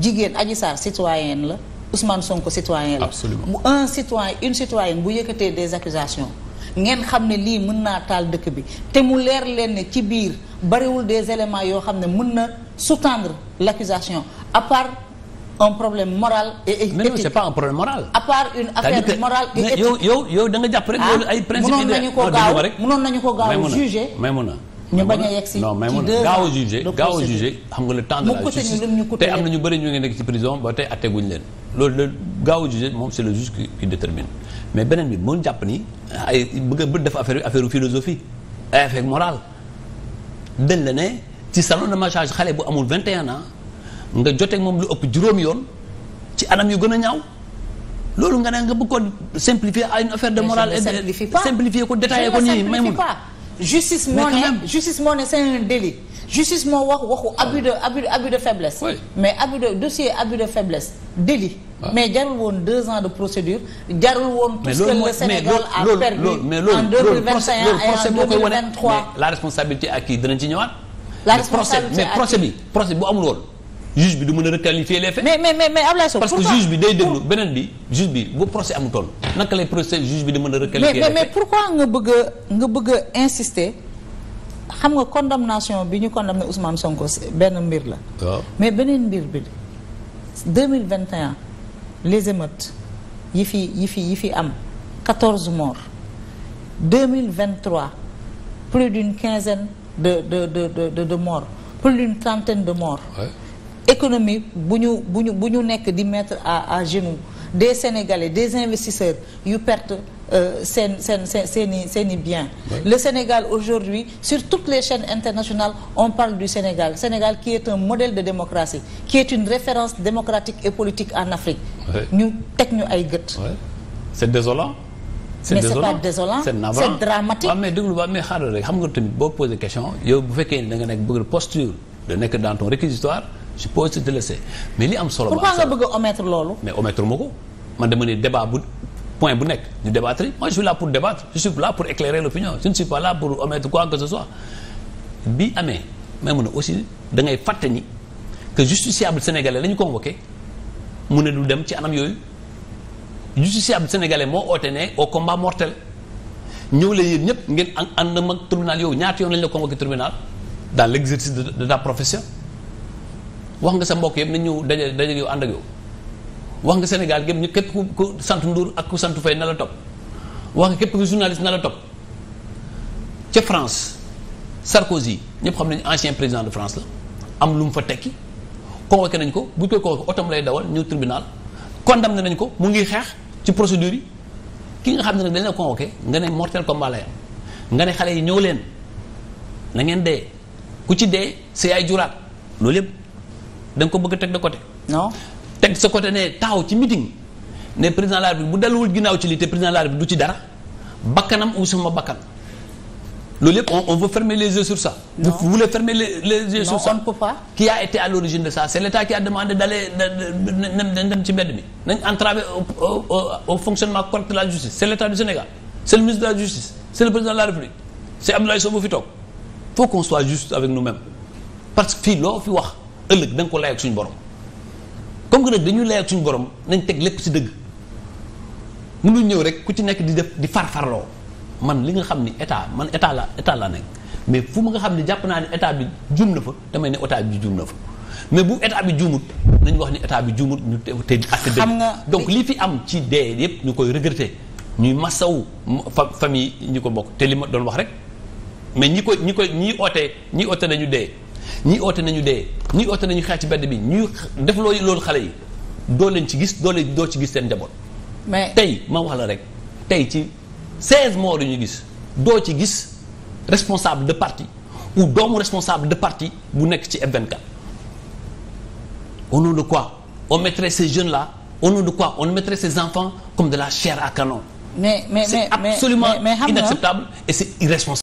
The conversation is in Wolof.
jigéen Adji Sarr citoyenne la Ousmane Sonko citoyen la. absolument un citoyen un citoyenne bu yëkkatee des accusations ngeen xam ne lii mën naa taal dëkk bi te mu leer leen ne ci biir bariwul des éléments yoo xam ne mën na sous-tendre l'accusation à part un problème moral et éthique. mais non c'est pas un problème moral. à une affaire morale et yow yow yow jàpp rek. Ah, ay principe mënoon nañu ko gaaw mënoon nañu ko ñu bañ a mais moom gaaw a jugé gaaw a jugé xam nga le temps de la justice am na ñu bëri ñu ngi nekk ci prison ba tey atte guñ leen loolu la gaaw a jugé moom c'est le juge qui détermine mais beneen bi moom jàpp ni ay bëgg a bëgg def affaire affaire philosophie ay affaire morale dañ la ne ci salon de massage xale bu amul 21 ans nga joteeg moom lu ëpp juróom yoon ci anam yu gën a ñaaw loolu nga ne nga bëgg ko simplifier à une affaire de morale et simplifier ko détaillé ko nii may mun justice moo ne justice moo ne c'est un délit justice moo wax waxu abus de abus abus de faiblesse mais abus de dossier abus de faiblesse délit mais jarul woon deux ans de procédure jarul woon tout ce que le Sénégal a perdu en 2021 et en la responsabilité à qui dinañ ci ñëwaat la responsabilité à mais procès bi procès bu amul woon juge bi du mën a requalifier les faits. mais mais mais Ablaye Sow parce que juge bi day déglu beneen bi juge bi bu procès am toll. naka lay procès juge bi di mën a requalifier les faits mais mais pourquoi nga bëgg nga bëgg a insister xam nga condamnation bi ñu condamné Ousmane Sonko benn mbir la. mais beneen mbir bi 2021 les émeutes yi fi yi fi yi fi am 14 morts 2023 plus d'une quinzaine de de de de de morts plus d'une trentaine de morts. économie bu ñu bu ñu bu ñu nekk di mettre à à genoux des sénégalais des investisseurs yu perte euh, seen seen seen seen i seen i bien le Sénégal aujourd'hui sur toutes les chaînes internationales on parle du Sénégal Sénégal qui est un modèle de démocratie qui est une référence démocratique et politique en Afrique ñu teg ñu ay gët c'est désolant c'est désolant c'est navrant c'est dramatique waaw mais déglu ba mais xaaral rek xam nga tamit boo posé question yow bu fekkee da nga nekk bëgg de nekk je peux aussi te mais li am solo. pourquoi nga bëgg a loolu. mais omettre ma ko man dama ne débat bu point bu nekk ñu débattre moi pour débattre je pour éclairer l'opinion je ne bi amee may mun a aussi da ngay fàtte que justiciable sénégalais la ñu convoqué mu ne du dem ci anam yooyu justiciable sénégalais moo oote ne au combat mortel ñëw la yéen ñëpp ngeen ànd mag tribunal yow ñaata yoon lañ la convoqué tribunal dans l' exercice de ta profession. wax nga sa mbokk yëpp nañ ñëw daje daje yow ànd ak yow wax nga Sénégal gépp ñu képp ku sant Ndour ak ku sant Faye na la topp wax nga képp ku journaliste na la topp ca France Sarkozy ñëpp xam nañu ancien président de France la am lu mu fa tekki convoqué nañ ko bu ñu koy convoqué otom lay dawal ñëw tribunal condamné nañ ko mu ngi xeex ci procédure yi ki nga xam ne nag dañ la convoqué nga ne mortel combat lay am nga ne xale yi ñëw leen na ngeen de ku ci dee sa yaay juraat loolu yëpp da nga ko bëgg a teg da côté. non teg sa côté ne taxaw ci meeting ne président de la République bu delluwul ginnaaw ci lii te président de la République du ci dara bakkanam ou sama bakkan loolu yëpp on on veut fermer les yeux sur ça. non les les yeux sur a été à l'origine de ça c'est l'État qui ci mbedd mi nañ entraver au fonctionnement correct de la justice c'est l'État du Sénégal c'est le ministre de la justice c'est le président de la République c'est Abdoulaye Sow bu fi toog faut qu'on soit juste avec nous-mêmes parce que fii loo fi wax. ëllëg da nga ko lay ak suñu borom comme que nag dañuy lay ak suñu borom nañ teg lépp ci dëgg mënuñ ñëw rek ku ci nekk di def di farfarloo man li nga xam ni état man état la état la nekk mais fu mu nga xam ne jàpp naa ne état bi juum na fa damay ne état bi juum na fa mais bu état bi juumut nañu wax ni état bi juumut ñu te atte dëgg donc li fi am ci dee yëpp ñu koy regretter ñuy masawu fa famille ñi ko bokk te li ma doon wax rek mais ñi ko ñi koy ñi oote ñi oote nañu dee ñii oote nañu dee ñii oote nañu xeex ci mbedd bi ñuy def loolu loolu xale yi doo leen ci gis doo leen doo ci gis seen njaboot. mais tey ma wax la rek tey ci 16 morts yu ñu gis doo ci gis responsable de parti ou doomu responsable de parti bu nekk ci F24. au nom de quoi on mettrait ces jeunes la au nom de quoi on mettrait ces enfants comme de la chair à canon. mais mais mais c'est absolument inacceptable et c'est irresponsable.